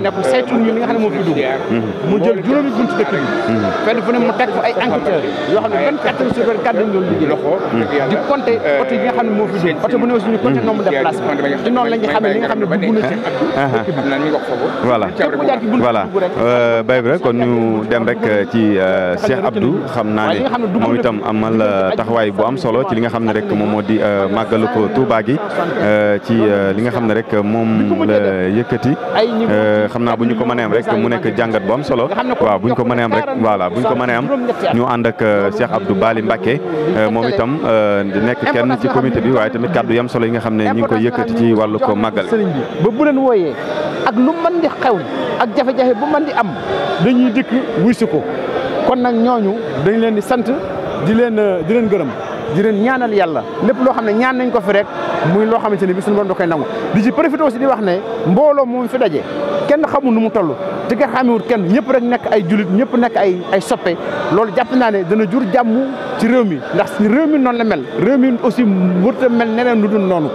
ne ko saytu ñu li nga xam ne bu moom itam amal euh, taxawaay bu am solo ci li nga xam ne rek moom moo di euh, màggalu ko Touba gi euh, ci li nga xam ne rek moom la yëkkati xam naa bu ñu ko mënee am rek mu nekk jàngat bu am solo waaw bu ñu ko mënee am rek voilà bu ñu ko mënee am ñu ànd ak euh, Cheikh Abdou Bali Mbacké euh, moom itam euh, nekk kenn ci comité bi waaye tamit kàddu yam solo yi nga xam ne ñu ngi koy yëkkati ci wàllu ko màggal ba bu leen wooyee ak lu mën di xew ak jafe-jafe bu mën di am dañuy dikk si ko kon nag ñooñu dañ leen di sant di leen di leen gërëm di leen ñaanal yàlla lépp loo xam ne ñaan nañ ko fi rek muy loo xam ne bi suñu borom da koy nangu kenn xamul nu mu toll te nga xamewut kenn ñëpp rek nekk ay julit ñëpp nekk ay ay soppe loolu jàpp naa ne dana jur jàmm ci réew mi ndax réew mi noonu la mel réew mi aussi wërta mel neneen lu dul noonu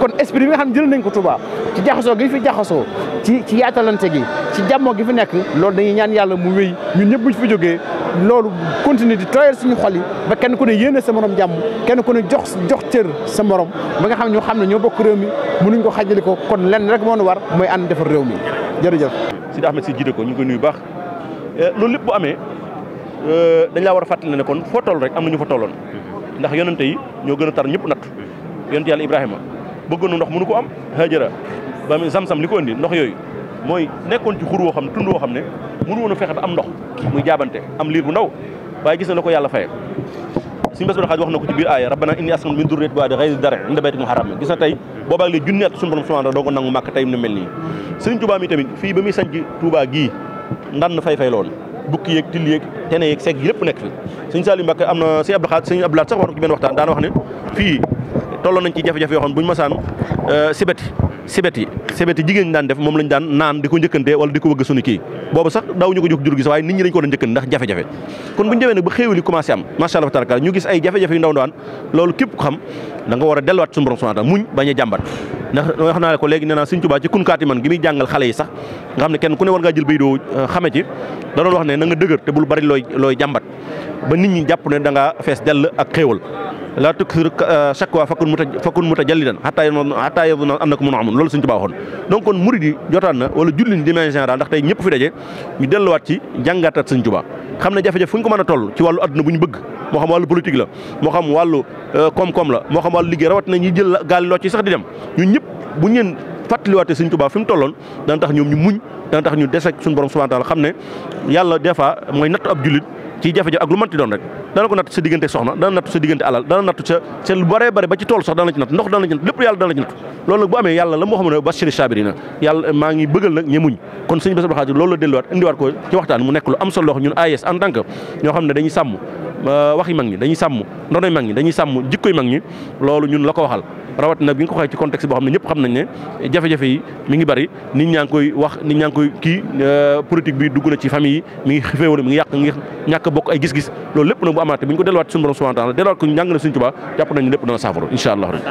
kon esprit bi nga xam ne jël nañ ko Touba jaxasoo gi fi jaxasoo ci ci yaatalante gi ci jàmmoo gi fi nekk loolu dañuy ñaan yàlla mu wéy ñun ñëpp buñ fi jógee loolu continuer di tooyal suñu xol yi ba kenn ku ne yéene sa morom jàmm kenn ku ne jox jox cër sa morom ba nga xam ne ñoo xam ne ñoo bokk réew mi mënuñ ko xajali ko kon lenn rek moo nu war mooy an defar réew mi jërëjëf daax Ahmed si jiite ko ñu ngi koy nuyu baax eh, loolu lépp bu amee eh, dañ laa war a fàttali ne kon foo toll rek am na ñu fa tolloon ndax yonente yi ñoo gën a tar ñëpp natt yonente yàlla Ibrahima bëggoon ndox mënu ko am Hajara ba sam-sam li ko indi ndox yooyu mooy nekkoon ci xur woo xam ne tund woo xam ne mënu woon fexe ba am ndox muy jaabante am liir bu ndaw waaye gis na la ko yàlla faye suñu bés bu xaaj wax na ko ci biir aaya rabbana inni askan min durriyati waadi xayri dara inda baytik muharram gis na tey boobaag léegi junni at suñu borom subhanahu wa taala doo nangu màkk tey mu mel nii sëriñ Touba mi tamit fii ba muy sanc Touba gii ndan fay fay lool bukki yeeg till yeeg tene yeeg seeg yëpp nekk fi sëñ Saliou Mbacke am na sëñ Abdou Khadre sëñ Abdou sax wax na ko ci benn waxtaan daana wax ne fii tolloon nañ ci jafe-jafe yoo xam ma masaan euh, sibati sibet yi sibet yi jigéen ñi daan def moom lañ daan naan di ko njëkkantee wala di ko wëgg suñu kii boobu sax daaw ñu ko jóg jur gi sax waaye nit ñi dañ ko doon njëkkante ndax jafe-jafe kon bu ñu demee nag ba xéewal yi gis ay jafe-jafe yu ndaw ndawaan loolu képp ko xam da war a delluwaat suñu borom subhanahu muñ bañ a ndax wax naa la ko léegi nee naa Sëñ Tuubaa ci kunkaati man gi muy jàngal xale yi sax nga xam ne kenn ku ne war ngaa jël bay doo euh, xame ci da wax ne na nga dëgër te bul bari looy looy jàmbat ba nit ñi jàpp ne da ngaa fees dell ak xéewal laa tuksiru euh, shakwa fakkun muta fakkun muta jallidan xataa yow xataa yow am na ko a amoon loolu suñ Tuubaa waxoon donc kon murid yi na wala julli ñi dimension général ndax tey ko mën a bu ñu bëgg moo xam wàllu politique la moo xam wàllu euh, koom moo xam wàllu liggéey rawat na ñuy jël gaal loo ci sax di dem ñun ñëpp bu ñeen fàttaliwaatee suñ Tuubaa fi mu tolloon dana tax ñoom ñu muñ dana tax ñu des xam ne yàlla des fois mooy natt ab jullit ci jafe-jafe ak lu mënti doon rek dana ko natt sa diggante soxna dana nattu sa diggante alal dana nattu sa sa lu bare bare ba ci tool sax dana la ci natt ndox dana la ci natt lépp yàlla dana la ci natt loolu nag bu amee yàlla la moo xam ne bashiri saabiriina yàlla maa ngi bëggal nag ñi muñ kon sëñ Bass Abdou Khadre loolu la delluwaat indiwaat ko ci waxtaan mu nekk lu am solo ñun AIS en tant ñoo xam ne dañuy sàmm euh, waxi mag ñi dañuy sàmm ndonoy mag ñi dañuy sàmm la ko waxal rawat na bi nga ko waxee ci contexte boo xam ne ñëpp xam nañ ne jafe-jafe yi mi ngi bari nit ñaa koy wax nit ñaa ngi koy kii euh, politique bi dugg na ci famille yi mi ngi xiféewal mi ngi yàq mi ngi ñàkk bokk ay gis-gis loolu lépp nag bu amaate bu ñu ko delluwaat suñu borom subhanahu wa delluwaat ko njàng na suñu Tuubaa jàpp nañ lépp dana saafaro incha allah